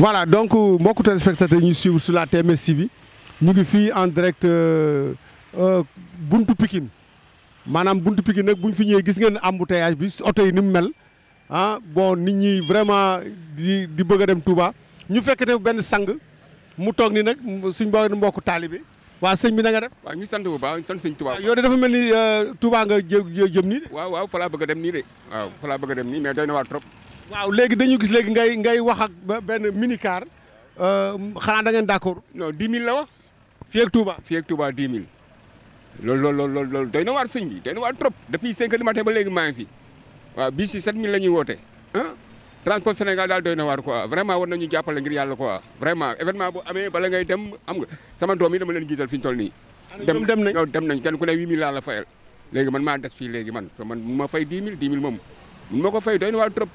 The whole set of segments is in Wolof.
voilà donc euh, mbokku téléspectateurs ñu suivre sur la TMS TV ñu ngi fii en direct euh, euh, buntu Pikine maanaam buntu Pikine nag bu ñu fi ñëwee gis ngeen embouteillage bi oto yi ni mu mel ah bon nit ñi vraiment di di bëgg dem Touba ñu fekk ne benn sang mu toog nii nag suñ boo mbokku taalibe waa sëñ bi na nga def. waaw ñu sant bu baax ñu sant sëñ Touba. yow dafa mel ni Touba nga jë jëm nii waaw waaw fa laa bëgg dem nii de. waaw fa laa bëgg dem nii mais doy na waar trop. waaw léegi dañu gis léegi ngay ngay wax ak benn minicar euh, xanaa da ngeen d'accord. non 10 000 la wax. fi ak Touba fi ak Touba 10 000. loolu lool loolu loolu doy na waar sëñ bi doy na waar trop depuis 5 heures du ba léegi maa ngi fi waaw bis yi 7000 la ñuy woote ah transport Sénégal daal doy na waar quoi vraiment war na nañu jàppale ngir yàlla quoi vraiment événement bu amee bala ngay dem am nga sama doom yi dama leen gisal fi ñu toll nii. dem dem nañ dem nañ kenn ku ne 8000 laa la fayal léegi fii léegi man man ma fay 10 000 10 000 moom ko fay doy na waar trop.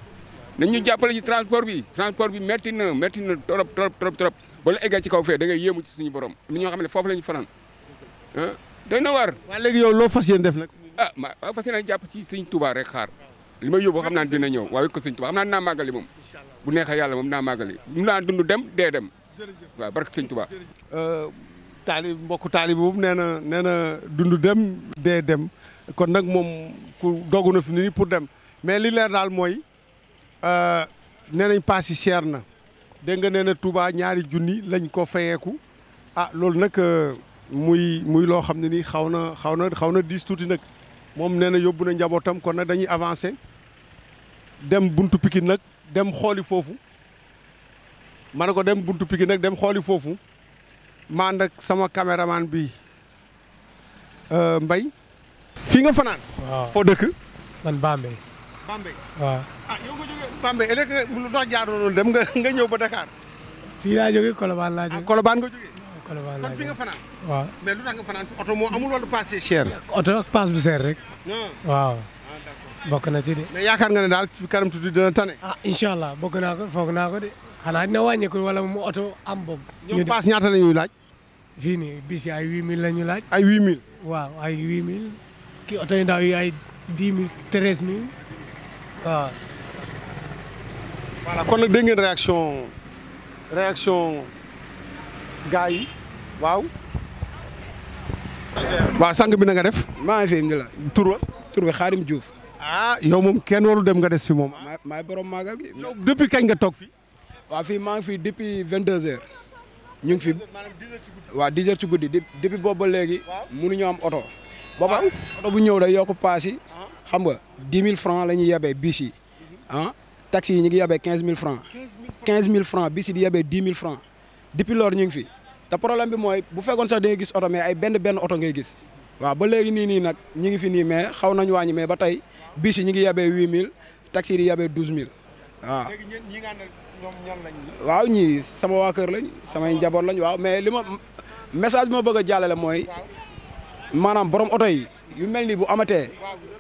nañ ñu jàppale ci transport bi transport bi métti na métti na trop trop trop trop ba la ci kaw fee da ngay yéemu ci suñu borom lu ñoo xam ne foofu la ñu fanaan ah doy na waar. waaw léegi yow loo fas yéene def nag. ah ma waaw fas yéene jàpp ci sëñ Touba rek xaar li ma yóbbu xam naa dina ñëw waaye ko sëñ Touba xam naa naa màggali moom bu neexee yàlla moom naa màggali mun naa dund dem dee dem waaw barke sëñ Touba. Euh, taalib mbokku taalib boobu nee na nee na dund dem dee dem kon nag moom ku dogu na fi nii pour dem mais li leer daal mooy Euh, nee nañ paas yi cher na dégg nga nee na Touba ñaari junni lañ ko fayeeku ah loolu nag euh, muy muy loo xam ne nii xaw na xaw na xaw na diis tuuti nag moom nee na yóbbu na njabootam kon na dañuy avancer dem buntu Pikine nag dem xooli foofu ma ne ko dem buntu piki nag dem xooli foofu ma ànd sama caméraman bi euh, mbay fii nga fanaan. foo dëkk. man Bambey. Bambey waaw. ah yow nga jógee Bambey léegi lu tax jaaroo loolu dem nga nga ñëw ba Dakar. fii laa jógee Colobane laa jógee ah Colobane nga jógee. Colobane laa jógee kon fi nga fanaan. waaw mais lu tax nga fanaan fi oto moo amul wala paas yi cher. oto ak paas bu cher rek. waaw. Ah, bokk na ci de. mais yaakaar nga ne daal ci kanam tuuti dina tane. ah incha allah bokk naa ko foog naa ko de. xanaa dina wàññeeku wala mu oto am boog. ñu ñoom paas ñaata la ñuy laaj. fii nii bis yi ay 8000 la ñuy laaj. ay 8000. waaw ay 8000. kii oto yu ndaw yi ay 10000 13000. waaw. kon nag dégg ngeen réaction réaction gars yi waaw. waaw sànq bi na def. maa ngi fi indi la. tur wa tur bi Xaarim Diouf. ah yow moom kenn warul dem nga def fi moom. maa maay borom màggal gi. depuis kañ nga toog fi waa fi maa ngi fi depuis vingt deux heures. ñu ngi fi waaw dix heures ci guddi depuis boobu ba léegi. mënuñoo am oto. booba oto bu ñëw day yokk paas xam nga dix mille francs la ñuy yebee bis yi ah taxi yi ñu ngi yabe quinze mille francs quinze mille francs bis di yebee dix mille francs depuis loolu ñu ngi fi te problème bi mooy bu fekkoon sax da gis oto mais ay benn benn oto ngay gis waaw ba léegi nii nii nag ñu ngi fi nii mais xaw nañu wàññi mais ba tey bis yi ñu ngi yebee huit mille taxi yi di yebee douze mille waaw. waaw ñii sama waa kër lañ samay njaboot lañ waaw mais li ma message bi ma bëgg a jàllale mooy maanaam borom oto yi. yu mel nii bu amatee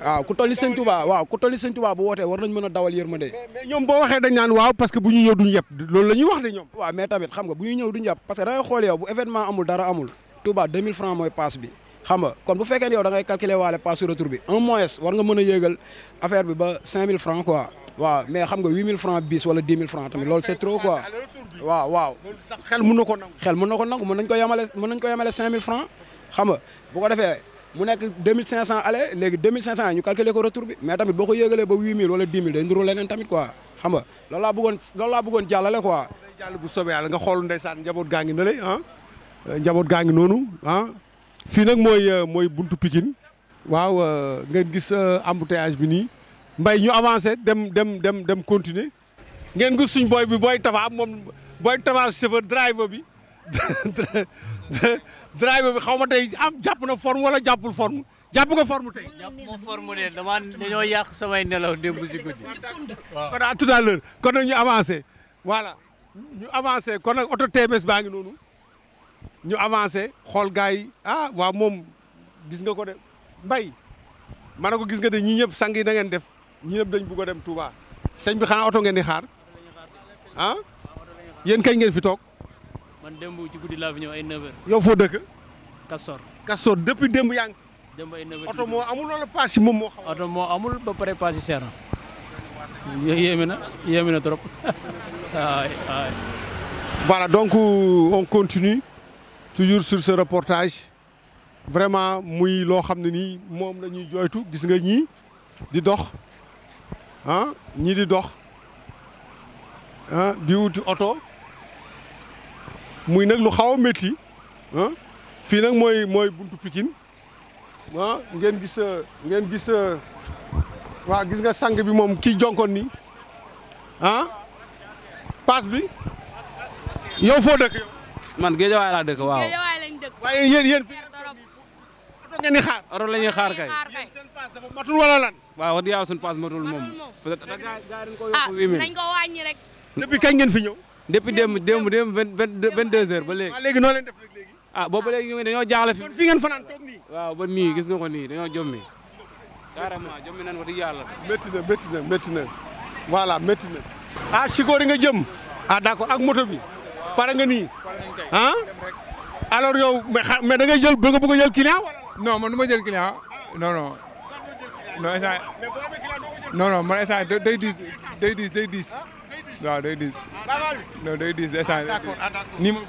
waaw ku tolli sëñ Touba waaw ku tolli sëñ Touba bu wootee war nañ mën a dawal yërmande mais ñoom boo waxee dañ naan waaw parce que bu ñu ñëw duñ yëpp loolu la ñuy wax de ñoom waaw mais tamit xam nga bu ñu ñëw duñ yàpp parce que da ngay xool yow bu événement amul dara amul Touba 2000 francs mooy paas bi xam kon bu fekkee ne yow da ngay calculer waale paas su retour bi un mois war nga mën a yéegal affaire bi ba 5000 francs quoi waaw mais xam nga wala 10 000 francs tamit loolu c'est trop quoi waaw waaw xel na ko nangu nañ ko yemale mën nañ ko yemale 5000 francs xam nga bu ko defee mu nekk 2500 aller léegi 2500 ñu calculer ko retour bi mais tamit boo ko yëgalee ba 8000 wala 10000 day nduru leneen tamit quoi xam loolu laa bëggoon loolu laa bëggoon jàllale quoi. jàll bu soobee yàlla nga xool ndeysaan njaboot gaa ngi ne lay ah njaboot gaa ngi noonu ah fii nag mooy euh, mooy buntu Pikine waaw euh, ngeen gis euh, embouteillage bi nii mbay ñu avancé dem dem dem dem continuer ngeen gis suñ booy bi booy tafa moom booy tafa chauffeur driver bi driver bi xaw ma tey am jàpp na forme wala jàppul forme jàpp nga forme tey. jàpp ma forme de dama dañoo yàq samay nelaw démb si guddi. waaw kon à tout à l'heure kon nag ñu avancé voilà ñu avancé kon nag oto TMS baa ngi noonu ñu avancé xool gars yi ah waaw moom gis nga ko de mbay ma ne ko gis nga de ñii ñëpp sang yi ngeen def ñii ñëpp dañ bugg dem Touba sëñ bi xanaa oto ngeen di xaar ah yéen kay ngeen fi toog. man démb ci guddi laa fi ñëw ay 9h. yow foo dëkk. Castor. Castor depuis démb yaa ngi. démb ay 9h oto moo amul wala paas moom moo. xaw oto moo amul ba na. yéeme na yéeme donc continue toujours sur vraiment muy loo xam ne nii moom la ñuy jooytu gis nga ñii di dox ah, ñii di dox ah, di wuti oto. muy nag lu xaw a métti ah. fii nag mooy mooy buntu pikin ah. ngeen gis ngeen gis waaw gis nga sang bi moom kii jonkoon nii ah paas bi yow foo dëkk yow. man Géejawaay laa dëkk waaw. Géejawaay lañ dëkk. yéen yéen fii oto ngeen di xaar. oto la ñuy xaar kay. yéen seen paas dafa matul wala lan. waaw wax dëgg yàlla suñu paas matul moom. matul moom peut-être ah, rek. depuis kañ ngeen fi ñëw. depuis démb démb démb vingt deux heures ba léegi. waaw léegi noo leen def léegi. ah boobu ba léegi ñu ngi dañoo jaaxle fi. kon fi ngeen fanaan toog nii. waaw ba nii gis nga ko nii jommi. carrément jommi nañ wax dëgg yàlla. métti na métti na métti na voilà métti na. ah Sikori nga jëm. ah d'accord ak moto bi. pare nga nii. ah. alors yow mais da ngay jël da nga bëgg a jël client wala. non man du ma jël client non non. Ah, non instant non day diis day diis day diis. waaw day diis. non day diis échange. d'accord nii moom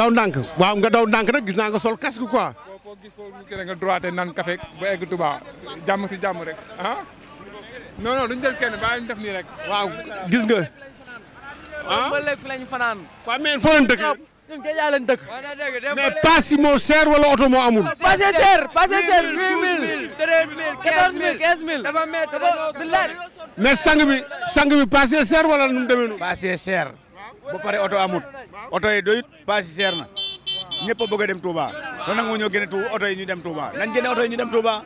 daw ndànk waaw nga daw ndànk na gis na nga sol casque quoi. boo foo gis foofu mu kii nga droité naan café ba egg Touba jàmm si jàmm rek ah. non non duñ jël kenn bàyyi ñu nii rek. waaw gis nga. ah, ah? ba léegi fi lañ fanaan. waaw mais foo leen dëkk. ñun Géejawaay lañ dëkk. mais pass yi moo seer wala oto moo amul. pass yi seer pass yi seer. 8000 13000 15000 15000 15000. dafa métti dafa bilaay. mais sang bi sang bi passé seer wala nu mu demee noonu. passé seer ba oto amut oto yi doyut passé seer na ñëpp a bëgg dem Touba te nag moo ñoo génne oto yi ñu dem Touba nañ génne oto yi ñu dem Touba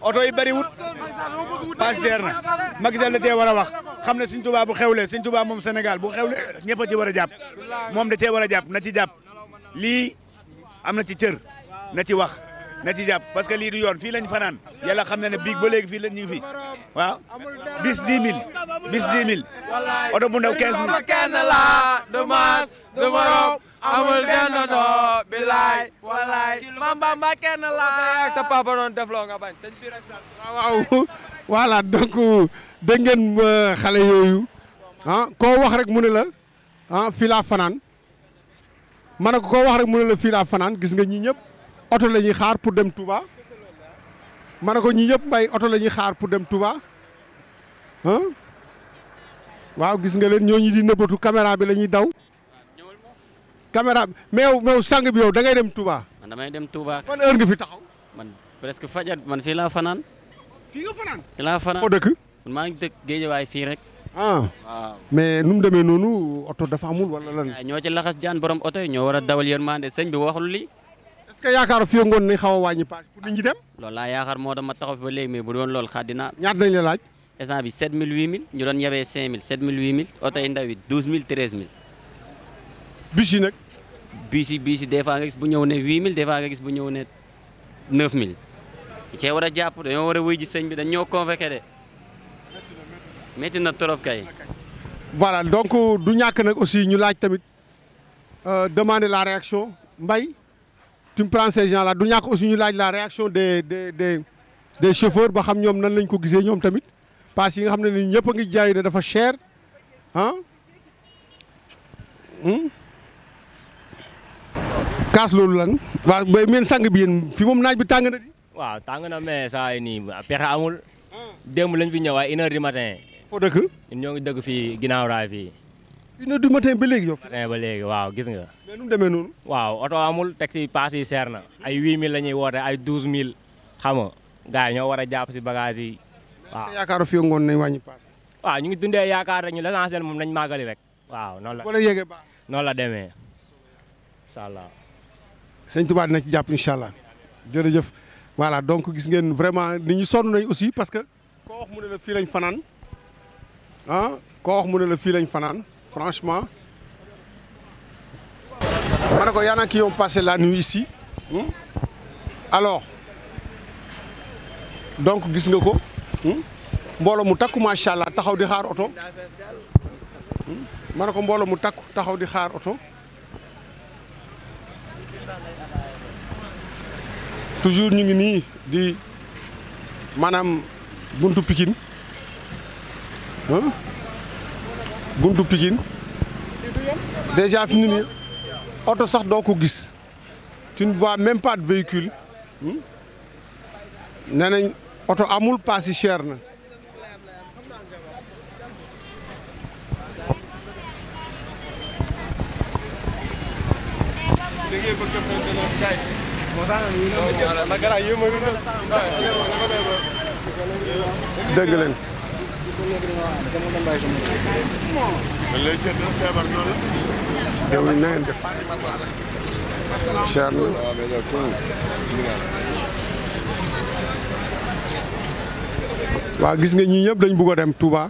oto yi bëri wut seer na Macky Sall la tee war a wax xam ne suñ Touba bu xewlee suñ Touba moom senegal bu xew ñëpp a ci war a jàpp moom da cee war a jàpp na ci jàpp lii am na ci cër na ci wax. na ci jàpp parce que lii du yoon fii lañ fanaan yàlla xam na biig ba léegi fii la fi waaw bis 10 bis 10 000 oto bu ndaw 15 000 kenn la du maas du morom amul kenn doo bilaay walaay mamba ma kenn la ak sa papa def loo nga bañ sëñ bi rek euh, xale yooyu ah wax rek mu ne la ah, fanaan ma ko wax rek mu ne la fanaan gis nga ñi ñëpp oto la ñuy xaar pour dem Touba ma ne ko ñi ñëpp mbay oto la ñuy xaar pour dem Touba ah waaw gis nga leen ñooñu di nëbbatu caméra bi la ñuy daw caméra bi meew meew sang bi yow da ngay dem Touba. man damay dem Touba. ban heure nga fi taxaw. man presque fajar man fii laa fanaan. fii nga fanaan. fii laa fanaan foo dëkk. maa ngi dëkk Géejawaay fii rek. ah waaw mais nu mu demee noonu oto dafa amul wala lan. ñoo ci laxas jaan borom oto yi ñoo war a dawal yërmande sëñ bi waxul lii. que yaakaar fii ngoon nañ xaw a wàññi paas pour nit ñi dem. loolu laa yaakaar moo tax ma taxaw fi ba léegi mais bu doon loolu xaar dinaa. ñaata nañ la laaj. instant bi 7000 8000 yabee 5000 oto yi ndaw yi nag. bus yi bus des fois nga gis bu ñëw ne 8000 des fois nga gis bu ñëw ne 9000. cee war a jàpp dañoo war a wuy ji sëñ bi dañ ñoo convoqué de. métti na trop kay. voilà donc du ñàkk nag aussi ñu laaj tamit euh, demande la réaction Mbaye. tu me prends ces du ñàkk aussi ñu laaj la réaction des des des des chauffeurs ba xam ñoom nan lañ ko gisee ñoom tamit pass yi nga xam ne ni ñëpp ngi jaay na dafa cher ah. Hmm? loolu lan waaw bay meen sang bi yéen fi moom naaj bi tàng na di. waaw tàng na mais saa yi nii pexe amul. Ah. démb lañ fi ñëw ay une heure foo dëkk. ñoo ngi dëkk fii ginnaaw raay fii. une heure du matin ba léegi yow. matin ba léegi waaw gis nga. mais nu mu demee noonu. waaw oto amul teg si paas yi seer na ay 8000 la ñuy woote ay 12000 xam nga gars yi ñoo war a jàpp si bagage yi. waaw mais yaakaaru fi ngoon nañ wàññi paas. waaw ñu ngi dundee yaakaar rek ñu l'essentiel moom nañ màggali rek. waaw noonu la wala yéegee baax. noonu la demee incha allah. sëñ Touba dina ci jàpp incha allah jërëjëf voilà donc gis ngeen vraiment nit ñi sonn nañ aussi parce que. koo wax mu ne la fii lañ fanaan ah koo wax mu ne la fii lañ fanaan. franchement. Manako, ko y en a qui la nuit ici. Hein? Hmm? Alors, donc, gis nga ko. Hmm? mbooloo mu takku macha allah taxaw di xaar oto hmm? ma ko mbooloo mu takku taxaw di xaar oto toujours ñu ngi nii di maanaam buntu Pikine buntu Pikine déjà fi mu ne oto sax doo ko gis tu ne vois véhicule hmm? nee oto amul paas yi na dégg yow na def. incha allah. waaw gis nga ñii ñëpp dañ bugg a dem Touba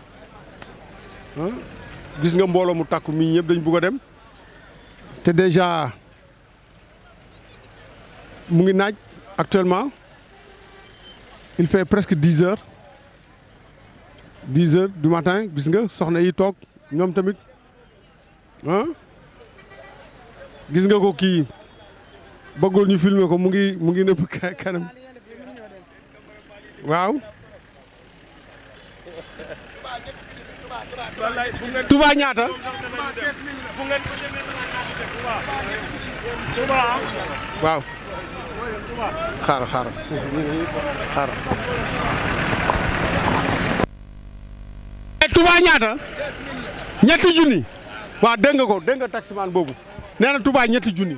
gis nga mbooloo mu takku mi ñëpp dañ bugg a dem te déjà mu ngi naaj actuellement il fait presque dix heures. dix heures du matin gis nga soxna yi toog ñoom tamit ah gis nga ko kii bëggoon ñu filmer ko mu ngi mu ngi nëpp kanam waaw ñaata waaw xaar xaar xaar Eh, Touba ñaata ñetti junni waaw dégg nga ko dégg nga taximaan boobu nee na Touba ñetti juni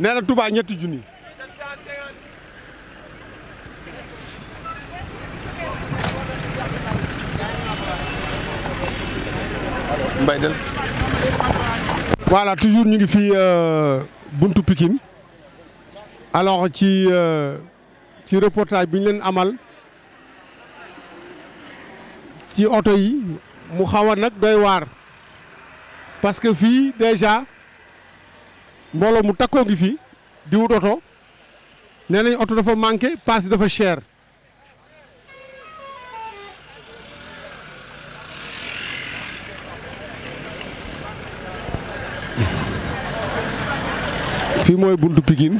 nee na ñetti juni mbay del voilà toujours ñu ngi fii euh, buntu Pikine alors ci euh, ci reportage biñ leen amal ci oto yi mu xaw a nag doy waar parce que fii déjà mbooloo mu takkoo ngi fi di wut oto nee nañ oto dafa manqué paas dafa cher fii mooy buntu Pikine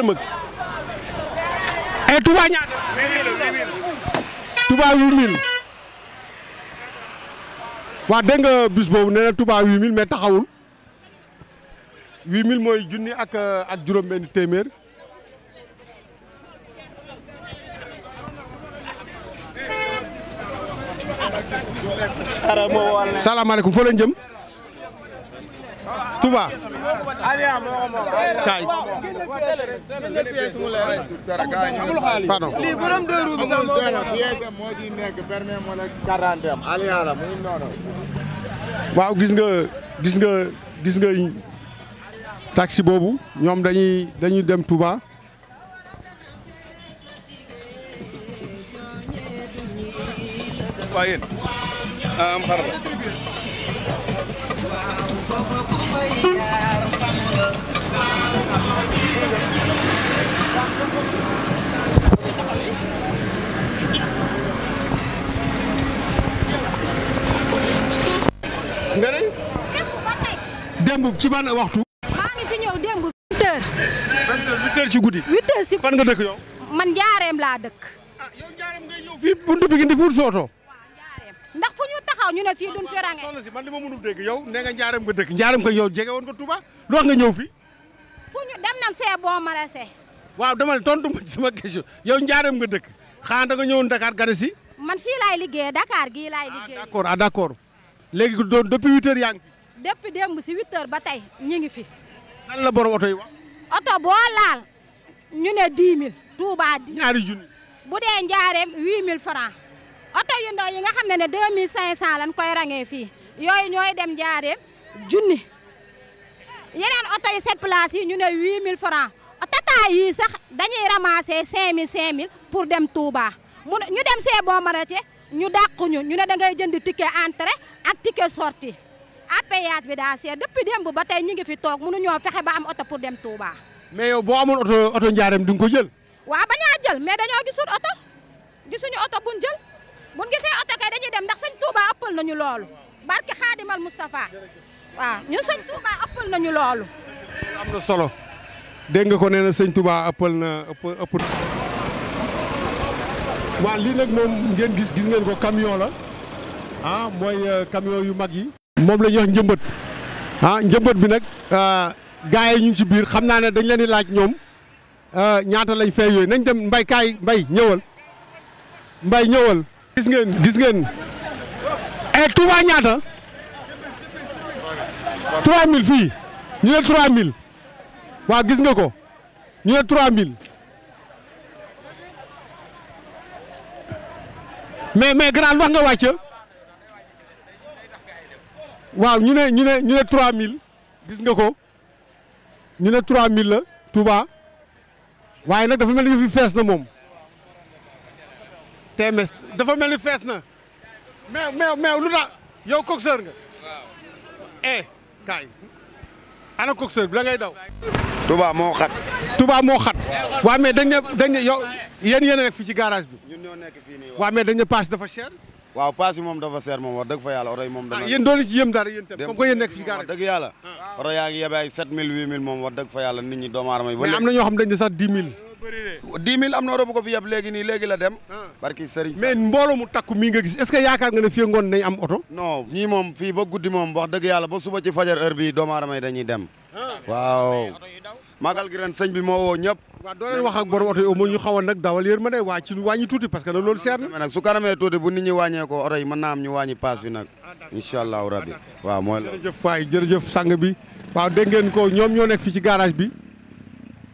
la mag ay eh, Touba ñaata Touba 8000 waaw dégg nga bis boobu nee na Touba 8000 mais taxawul 8000 mooy junni ak euh, juróom-benn téeméer salaamaaleykum fa la jëm Touba kaay pardon waaw gis nga gis nga gis nga boobu ñoom dañuy dañuy dem Touba nga ne. démb ci ban waxtu. maa ngi fi ñëw démb huit heures. vingt heures huit heures ci guddi. huit heures ci fan nga dëkk yow. man jaareem laa dëkk. ah ñëw fii buntu bi ngeen di fuut sootoo. ndax fu ñu taxaw ñu ne fii duñ fi range. man li ma mënul dégg yow nee nga njaareem nga dëkk njaareem ko yow jege woon nga Touba lu wax nga ñëw fii. fu ñu dem nañ see bon maraicher. waaw dama ne tontu ma ci sama question yow njaareem nga dëkk xanaa da nga ñëwoon Dakar si. man fii liggéeye liggéeyee Dakar gii laay ah, liggéeyee. ah d' accord ah d' accord léegi doon depuis huit heures si huit heures ba tey ñu ngi fi. lan la borom oto yi wax. oto boo laal ñu ne dix mille. Touba di ñaari junni. bu dee njaareem huit mille franc oto yu ndaw yi nga xam ne ne deux mille cinq cent lañ koy rangee fii yooyu ñooy dem njaareem junni. yeneen oto yi sept places yi ñu ne 8000 francs tata yi sax dañuy ramasser 5000 5000 pour dem Touba mu ñu dem see bon maraîcher ñu dàquñu ñu ne da ngay jënd ticket entrée ak ticket sortie péage bi daa seet depuis démb ba tey ñu ngi fi toog mënuñoo fexe ba am oto pour dem Touba. mais yow boo amoon oto oto njaareem di nga ko jël. waaw bañaa jël mais dañoo gisul oto gisuñu oto buñ jël buñ gisee oto kay dañuy dem ndax sëñ Touba ëppal nañu loolu barke Xaadimal Moustapha. waaw ñun sëñ Touba ëppal nañu loolu. am na solo dégg nga ko nee na sëñ ëppal na ëpp ëpp. waaw lii nag moom ngeen gis gis ngeen ko camion la ah mooy euh, camion yu mag yi. moom lañu ñuy wax njëmbat ah, njëmbat bi nag euh, gars yi ñu ngi ci biir xam naa ne dañ leen di laaj ñoom euh, ñaata lañ fee yooyu nañ dem mbay kaay mbay ñëwal mbay ñëwal. gis ngeen gis ngeen. et eh, Touba ñaata. 3000 fii ñu ne 3000 waa gis nga ko ñu ne 3000 mais mais grand wax nga wàcc waaw ñu ne ñu ne ñu ne 3000 gis nga ko ñu ne 3000 la Touba waaye nag dafa mel ni fi fees na moom TMS dafa mel ni fees na mais mais mais lu tax yow coxeur nga eh kaay ana coxeur bi la ngay daw. Touba moo xat. Touba moo xat. waaw mais dañ dañ ne yow yéen yéen ci garage bi. ñun ñoo dañ ne paas dafa cher. waaw paas yi moom dafa seer moom wax dëgg fa yàlla oto yi ah, ci yëm dara yéen tam comme que yéen nekk fi wax dëgg yàlla ah. oto yaa ngi yebe ay 7000 8000 moom wax dëgg fa yàlla nit ñi doomu aadama yi mais am na ñoo xam dañ ne sax 10 000 dix mille am na oto bu fi yab léegi nii léegi la dem ah. barki mais mbooloo mu takku mii nga gis est ce que yaakaar nga ne fii ngoon nañ am oto non ñii moom fii ba guddi moom wax dëgg yàlla ba suba ci fajar heure bi doomu aadama yi dañuy dem ah. waaw magal gi sëñ bi moo woo ñëpp waaw doo leen wax ak oto yi moo ñu xawoon nag dawal yër ma ne waa ci wàññi tuuti parce que nag loolu seet na su kanamee tuuti bu nit ñi wàññee ko oto yi mën naa am ñu wàññi paas bi nag incha allahu rabbi waaw bi waaw dégg ngeen ko ñoom ñoo nekk fii ci garage bi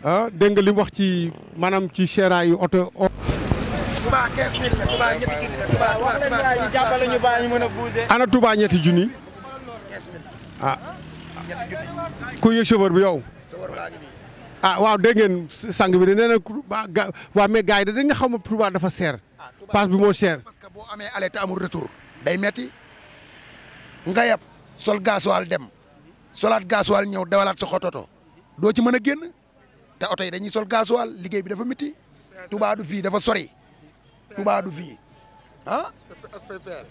ah dégg nga li wax ci maanaam ci seeraayu oto. Touba 15000 la Touba ñetti junni ah. ku yëg chauffeur bi yow. ah waaw dégg ngeen sang bi de nee na waa mais gars yi dañ nga xam ne Touba dafa seer. Ah, pass bi moo seer. parce que boo amee aller te amul retour. day metti nga yab sol gasoil dem solaat gasoil ñëw dawalaat sa xototo doo ci mën a génn. te oto yi dañuy sol gasoil liggéey bi dafa métti Touba du fii dafa sori Touba du fii ah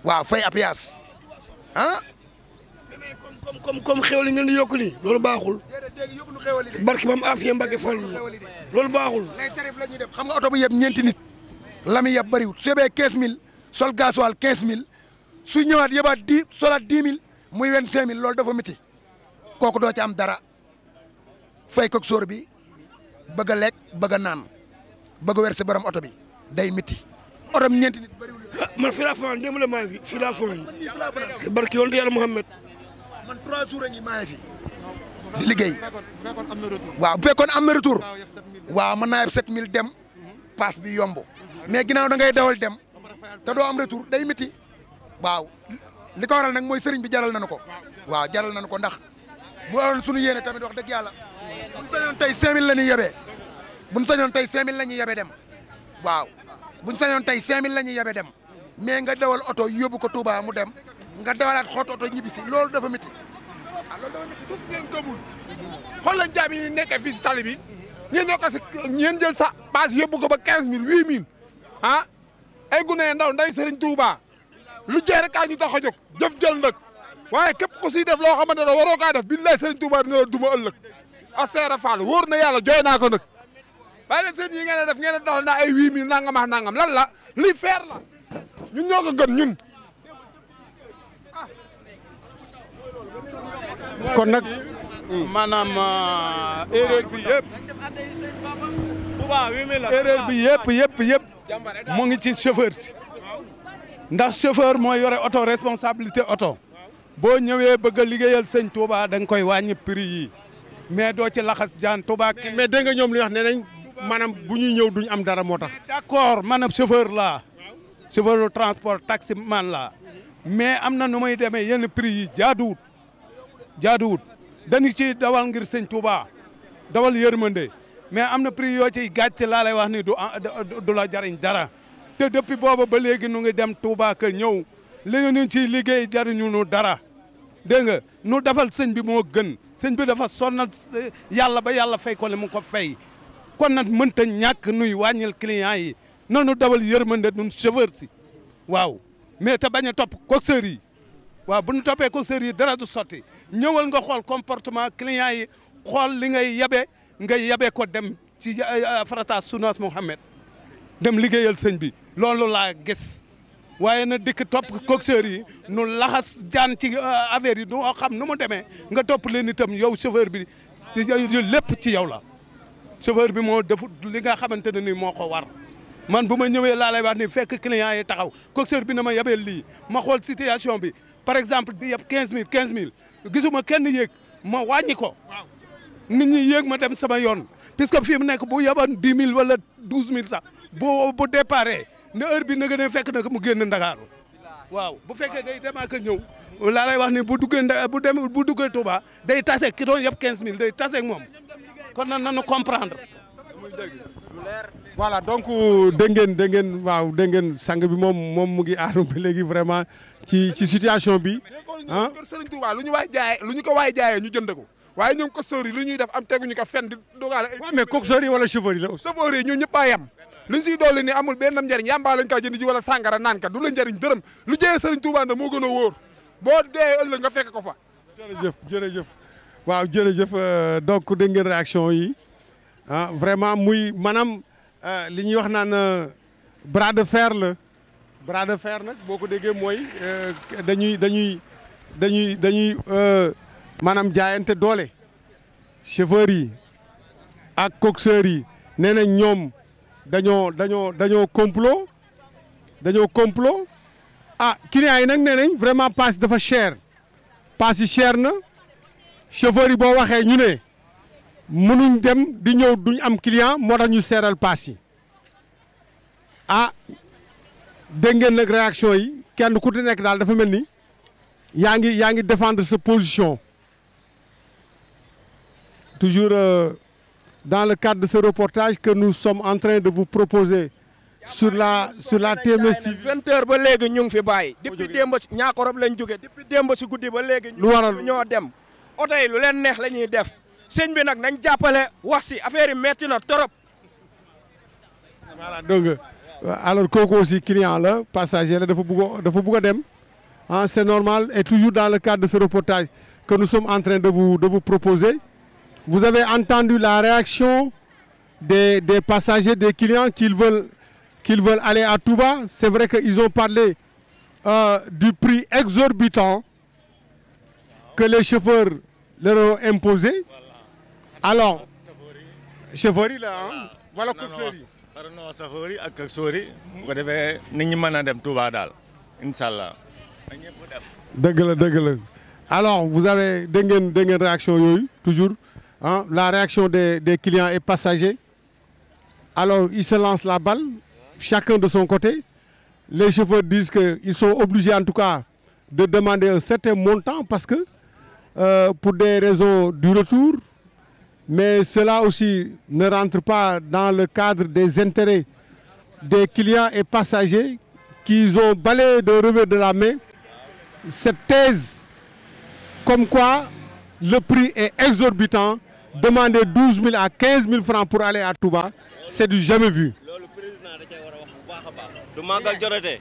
waaw fay apias ah comme comme comme xéwal yi ngeen di yokk nii loolu baaxul barki ba mu aas yéen Mbàkke Fall loolu baaxul lay tarif la ñuy def xam nga oto bu yeb ñeenti nit la muy yeb bëriwut su yebee quinze mille sol gasoil quinze mille su ñëwaat yebaat di solaat dix mille muy wen cinq mille loolu dafa métti kooku doo ci am dara fay ko sóor bi bëgg a lekk bëgg a naan bëgg a weer si borom oto bi day miti oto bi ñeenti nit bëriwul. Ah, man fii laa fanaan démb la maa fi fii laa fanaan barki yonent yàlla Muhammad a ngi maa ngi fi di liggéey waaw bu fekkoon am retour waaw mën naa yeb 7000 dem paas bi yomb mais ginnaaw da ngay dawal dem te doo am retour day miti waaw li ko waral nag mooy sëriñ bi jaral nañu ko waaw jaral nañu ko ndax bu waroon sunu yéene tamit wax dëgg yàlla. buñ sañoon tey 5000 la ñuy yebee buñ sañoon tey 5000 la ñuy yebee dem waaw buñ sañoon tey 5000 la ñuy dem mais nga dewal oto yóbbu ko Touba mu dem nga dawalaat xoot oto ñibbisi loolu dafa métti ah loolu dafa métti du ngeen xool lañ jaam yi nekkee fii tali bi ñeen ñoo ko si ñeen jël sa paas yóbbu ko ba 15000 8000 ah ay gune ndaw nday Serigne tuuba lu jeex rek ñu tax a jóg jëf jël nag waaye képp ku siy def loo xamante ne waroo kaa def billaay Serigne Touba dina la duma ëllëg Asteera Fall wóor na yàlla jooy naa ko nag bàyyi leen seen yi ngeen a def ngeen a dal naa ay 8000 nangam ak nangam lan la li feer la ñun ñoo ko gën ñun. kon nag maanaam euh, erreur bi yëpp. erreur bi yëpp yëpp yëpp mu ngi ci chauffeur si ndax chauffeur mooy yore oto responsabilité oto boo ñëwee bëgg a liggéeyal sëñ Touba da nga koy wàññi prix yi. mais doo ci laxas jaan Touba. mais dégg nga ñoom li wax nee nañ maanaam bu ñuy ñëw duñ am dara moo tax. d' accord maanaam la laa chauffeur de transport taxi man laa mais am na nu muy demee yenn prix yi jaaduwut jaaduwut dañu ci dawal ngir sëñ Touba dawal yërmande mais am na prix yoo ciy gàcce laa lay wax ni du ah, du la jariñ dara te depuis booba ba léegi nu ngi dem Touba ka ñëw li ñu ciy liggéey jariñu nu dara dégg nga nu defal sëñ bi moo gën. sëñ bi dafa sonnal eh, yàlla ba yàlla fay ko li mu ko fay kon nag ta ñàkk nuy wàññil client yi nanu dawal yërmande nun chauffeur si waaw mais te bañ a topp coxeur yi waaw bu ñu toppee ko yi dara du sotti ñëwal nga xool comportement client yi xool li ngay yabe nga yabe ko dem ci eh, eh, farata sunas Muhammad dem liggéeyal sëñ bi loolu laa gis waaye na dikk topp coxeur yi nu laxas jaan ci euh, affaire yi noo xam nu mu demee nga topp leen itam yow chauffeur bi lépp ci yow la chauffeur bi moo defut li nga xamante ne ni moo ko war man bu ma ñëwee laa lay wax ni fekk client yi taxaw coxeur bi na ma yabeel lii ma xool situation bi par exemple di yab 15000 15000 gisuma kenn yéeg ma wàññi ko nit ñi yéeg ma dem sama yoon puisque fi mu nekk bu yaboon 10 mille wala 12 mille sax boo bu déparé ne heure bi na fekk na mu génn Ndakaaru waaw bu fekkee day dem ak ñëw laa lay wax ni bu duggee bu dem bu duggee Touba day tase ki doon yëpp 15000 day tase ak moom kon nan nañu comprendre. voilà donc dégg ngeen dégg ngeen waaw dégg ngeen sang bi moom moom mu ngi aaru ba léegi vraiment ci ci bi. ah lu ñu waay jaayee lu ñu ko waay jaayee ñu jënd ko waaye ñoom costeurs yi lu ñuy def am teguñu ko fenn di dogaale. waaw mais costeurs yi wala chauffeurs yi la. chauffeurs yi ñun ñëpp a yem. luñ siy dolli ni amul benn njëriñ yàmbaa lañ kaa jënd ji wala sàngara naan ka du la njëriñ dërëm lu jëyee sëriñ Tuubaa moo gën a wóor boo dee ëllëg nga fekk ko fa jërëjëf jërëjëf waaw jërëjëf euh, donc dégg ngeen yi ah vraiment muy maanaam euh, li ñuy wax naan euh, bras de fer la bras de nag boo ko déggee mooy dañuy dañuy dañuy dañuy maanaam jaayante doole chauffeurs yi ak coxeurs yi nee na ñoom dañoo dañoo dañoo complot dañoo complot ah clients yi nag nee nañ vraiment paas dafa cher paas yi cher na chauffeur yi boo waxee ñu ne mënuñ dem di ñëw duñ am client moo tax ñu seeral paas yi ah dégg ngeen nag réaction yi kenn ku di nekk daal dafa mel ni yaa ngi yaa ngi défendre sa position toujours. Euh, dans le cadre de ce reportage que nous sommes en train de vous proposer sur la sur la TMS TV. ba léegi ñu ngi fi bàyyi. depuis démb si ñaakorob lañ jógee depuis démb si guddi ba léegi. lu waral ñoo dem oto yi lu leen neex la ñuy def sëñ bi nag nañ jàppale wax si affaire yi metti na trop. voilà donc euh, alors kooku aussi client la passager la dafa bugg dafa bugg dem ah c'est normal et toujours dans le cadre de ce reportage que nous sommes en train de vous proposer. Vous avez entendu la réaction des, des passagers, des clients qu'ils veulent, qu'ils veulent aller à tout Touba. C'est vrai qu'ils ont parlé euh, du prix exorbitant que les chauffeurs leur ont imposé. Alors, chauffeur la ah wala coxeur xara nit ñi mën a dem Touba daal incha allah. dëgg la la alors vous avez dégg dégg ngeen réaction yooyu toujours. hein, la réaction des, des, clients et passagers. Alors, ils se lancent la balle, chacun de son côté. Les chauffeurs disent qu'ils sont obligés, en tout cas, de demander un certain montant parce que, euh, pour des raisons du retour, mais cela aussi ne rentre pas dans le cadre des intérêts des clients et passagers qu'ils ont balayé de revers de la mai cette thèse comme quoi le prix est exorbitant demander douze mille à quinze mille francs pour aller à Touba c'est du jamais vu. loolu président da du màggal jotee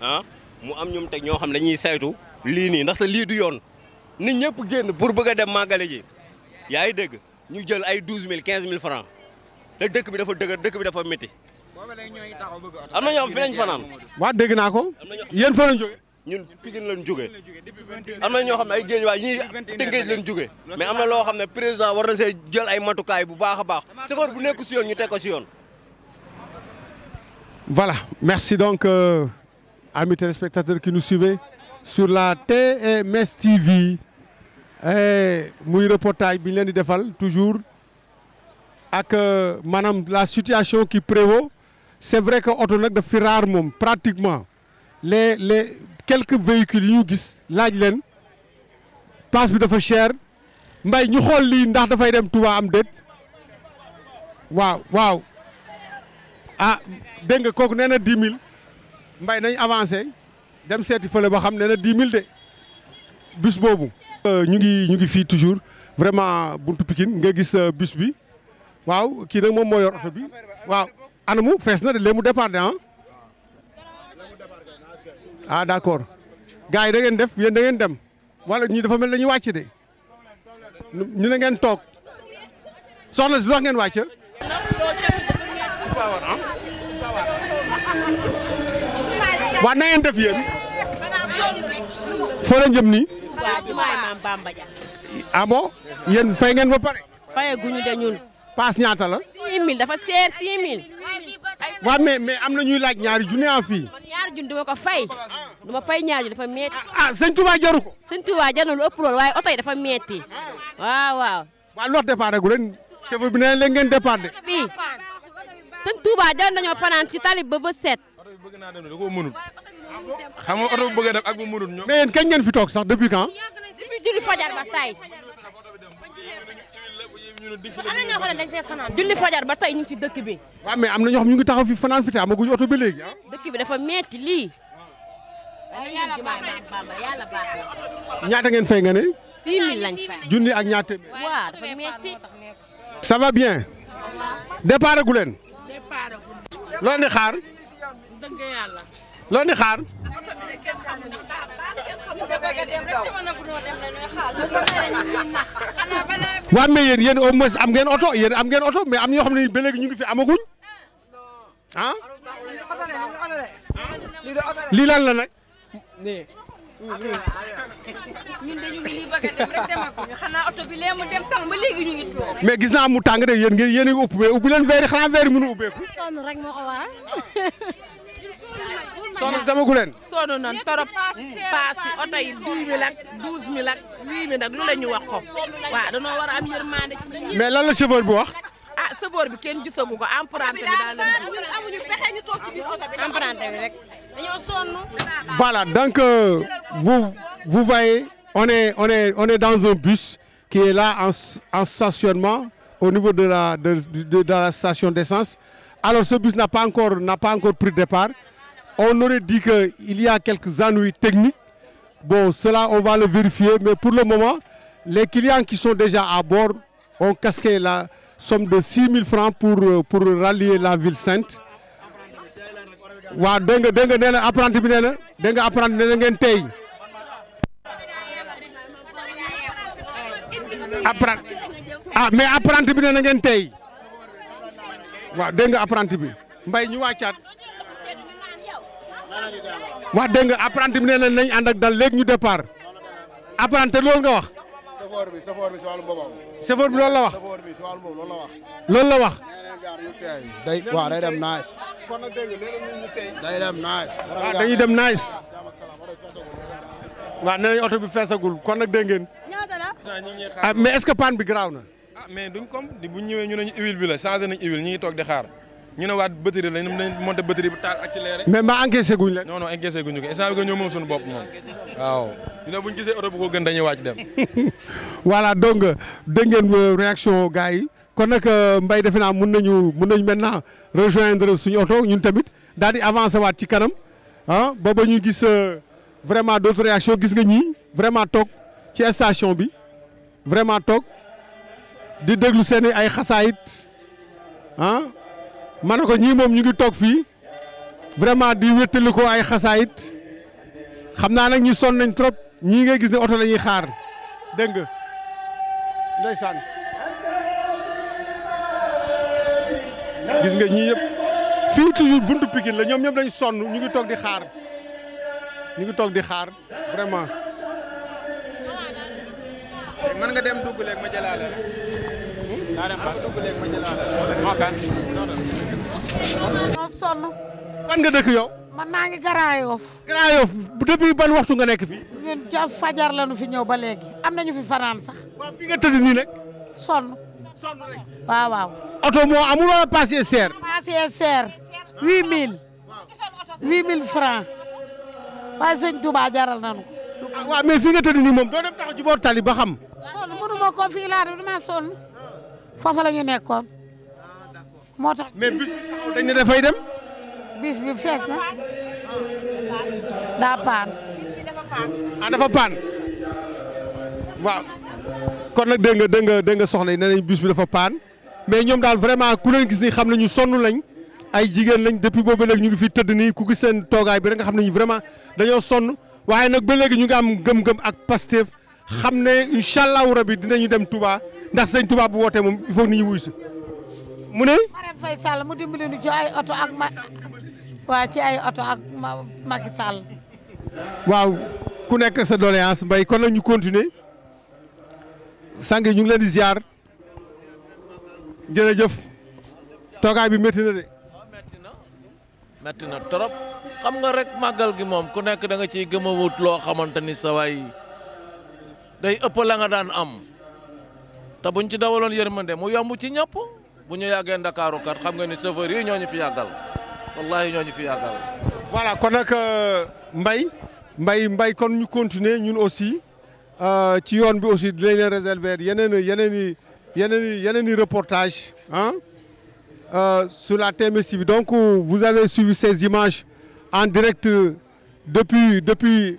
ah mu am ñoom teg ñoo xam dañuy saytu lii nii ndaxte lii du yoon nit ñëpp génn pour bëgg a dem màggale ji yaa ngi dégg ñu jël ay douze mille quinze mille francs te dëkk bi dafa dëgër dëkk bi dafa métti. am na ñoo fi lañ fanaan. waa dégg naa ko yéen fa lañ ñun Pikine lañ jógee am na ñoo xam ne ay géej waay ñii tëngéej lañ jógee mais am na loo xam ne président war na see jël ay matukaay bu baax a baax safar bu nekku si yoon ñu teg ko si yoon voilà merci donc euh, amis téléspectateurs qui nu suivez sur la TMS TV muy reportage bi ñu leen di defal toujours ak euh, maanaam la situation qui prévaut c'est vrai que oto nag daf fi moom pratiquement les les quelques véhicules yi ñu gis laaj leen paas bi dafa cher mbay ñu xool lii ndax dafay dem Touba am déet waaw waaw ah dégg nga kooku nee na 10 000 mbay nañ avancé dem seeti fële ba xam nee na 10 000 de bus boobu. Euh, ñu ngi ñu ngi fii toujours vraiment buntu Pikine nga gis euh, bis bi waaw kii nag moom moo yor oto bi waaw ana mu fees na de léegi mu départ ah. ah d' accord gars yi da def yéen da ngeen dem wala ñii dafa mel dañuy wàcc de ñu ne ngeen toog soxna si lu wax wàcc. waa na def yéen. foo leen jëm ni waaw jumaay fay ngeen ba pare. faye guñu de paas ñaata la. 6000 dafa seer 6000. waaw mais mais am na ñuy laaj ñaari junne a fii. man ñaari junne duma fay. duma fay ñaari junne dafa metti. a ah, ah, sëñ Touba jaru ko. sëñ Touba jaru lu ëpp waaye oto yi dafa metti waaw waaw. waa loolu départ gu leen chauffeur bi nee leen ngeen départ de. fii sëñ Touba jaru fanaan ci talib ba ba set. oto bi bëgg naa dem da koo mënul. xam nga oto bu ak bu mënul ñoom. mais yéen kañ fi toog sax depuis quand. depuis julli ba tay julli fajar ba tey ñu ci dëkk bi. waaw mais am na ñoo mu ngi taxaw fi fanaan fi te amaguñu oto ba léegi ah. dëkk bi dafa metti lii. ñaata ngeen fay nga ne. junni ak ñaata. waaw dafa metti. ça va bien. départ gu leen. loolu di xaar. loo ni xaar. waaw mais yéen yéen au am ngeen oto yéen am ngeen oto mais am ñoo xam ne ba léegi ñu ngi fi amaguñ ah. lii lan la nag. ñun dañu ngi nii bëgg a dem rek demaguñu xanaa oto bi mu dem sax ba léegi ñu ngi toog. gis naa mu tàng de yéen ngeen yéen a ngi ubbi leen veeri xanaa veeri mënu ubbeeku. soxna si demagu leen. sonn nañ trop oto yi 10000 ak 12000 ak 8000 ak lu ñu wax ko waaw war am yërmande ci mais lan la chauffeur bi wax. ah chauffeur bi kenn gisagu ko emprunté bi daal lañ gis. amuñu pexe voilà donc vous voyez on est dans un bus qui est là en en stationnement au niveau de la de de, de, de la station d'essence alors ce bus n'a pas encore n'a pas encore pris départ. On aurait dit qu'il y a quelques ennuis techniques. Bon, cela, on va le vérifier. Mais pour le moment, les clients qui sont déjà à bord ont casqué la somme de 6 000 francs pour, euh, pour rallier la ville sainte. waaw dégg nga dégg nga nee na apprenti bi neena na dégg nga apprenti ngeen tey apprenti ah mais apprenti bi nee na ngeen tey waaw dégg nga apprenti bi mbay ñu wàccaat wax dégg nga apprenti bi nee nañ nañ ak dal léegi ñu départ apprenti loolu nga wax. chauffeur bi chauffeur bi si wàllu boppam. la wax. chauffeur bi si wàllu boppam loolu la wax. loolu la wax. day waaw day dem nice. day dem nice. waaw ah, dañuy dem nice. waaw nee nañ oto bi feesagul kon nag dégg ngeen. ah mais est-ce que panne bi garaaw na. ah mais duñ comme bu ñu ñëwee ñu ne ñu huile bi la changé nañ huile ñu ngi toog di xaar. ñu ne waat batterie lañ nañ monté batterie bi taal accéléré. mais ma encaissé guñ la. non non encaissé guñ ko instant bi ñoo moom suñu bopp moom waaw ñu ne bu ñu gisee oto bu ko gën dañuy wàcc dem. voilà donc dégg ngeen réaction gars yi kon nag euh, Mbaye defe naa mun nañu mun nañu maintenant rejoindre suñu oto ñun tamit daal di avancer waat ci kanam ah ba ba ñu gis euh, vraiment d'autres réactions gis nga ñii vraiment toog ci station bi vraiment toog di déglu seen ay xasaayit ah. ma ne ko ñii moom ñu ngi toog fii vraiment di wéttali ko ay xasaayit xam naa nag ñi son nañ trop ñii ngay gis ne oto lañuy ñuy xaar dégg nga ndeysaan gis nga ñii yëpp fii toujours bunt Pikine la ñoom ñëpp dañ sonn ñu ngi toog di xaar ñu ngi toog di xaar vraiment. mën nga dem dugg léegi ma jëlaale ñoo sonn. fan nga dëkk yow. man naa ngi Grand Yoff. Grand depuis ban waxtu nga nekk fi ñun ca fajar la ñu fi ñëw ba léegi am nañu fi fanaan sax. waaw fi nga tëdd nii nag. sonn. sonn rek waaw waaw. oto moo amul wala paas seer. paas seer huit mille. huit mille francs waaye sëñ Touba jaral nañu ko. Ah, waaw mais fi nga tëdd nii moom doo dem taxaw ci tali ba xam. sonn mënu ma ko fii laa def damaa foofu la ñu nekkoon moo tax. mais bis bi dañ ne dafay dem. bis bi fees na daa paan. ah dafa paan waaw. kon nag dégg nga dégg nga dégg nga soxna yi nee nañ bi dafa paan mais ñoom daal vraiment ku leen gis ni xam nañu sonn lañ ay jigéen lañ depuis boobu léegi ñu ngi fi tëdd nii ku gis seen toogaay bi rek nga xam nañu vraiment dañoo sonn waaye nag ba léegi ñu ngi am gëm-gëm ak Pastef xam ne incha allahu rabi dinañu dem Touba ndax sëñ Touba bu wootee moom il faut nit ñi wuyu si mu ne. Marème Faye Sall mu dimbali ci ay oto ak ma waa ci ay oto ak ma Macky Sall. waaw ku nekk sa doléance mbay kon nag ñu continuer sang ñu ngi leen di ziar jërëjëf toogaay bi metti na de. na trop xam nga rek màggal gi moom ku nekk danga nga ciy gëm a wut loo xamante ni sa day ëpp la nga daan am te buñ ci dawaloon yërmande mu yomb ci ñëpp bu ñu yàggee ndakaaru kat xam nga ni chauffeur yi ñoo fi yàggal wallaahi ñoo ñu fi yàggal. voilà kon nag mbay euh, mbay mbay kon ñu continuer ñun aussi euh, ci yoon bi aussi dinañ leen réserver yeneen yeneen i yeneen yeneen i reportage ah sur la TMS bi donc vous avez suivi ces images en direct depuis depuis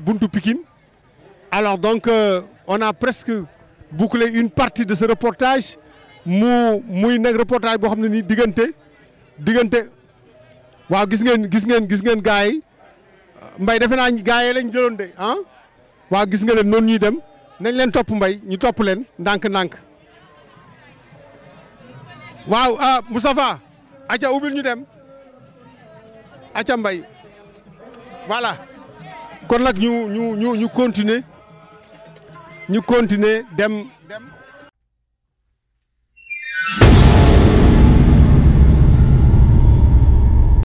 Buntu Pikine Alors donc, euh, on a presque bouclé une partie de ce reportage. mu muy nag reportage boo xam ne nii diggante diggante waaw gis ngeen gis ngeen gis ngeen gars yi mbay defe naa gars yi lañ jëloon de ah waaw gis nga leen noonu ñuy dem nañ leen topp mbay ñu topp leen ndànk-ndànk waaw ah Moustapha aca ubbil ñu dem aca mbay voilà kon nag ñu ñu ñu ñu ñu continuer dem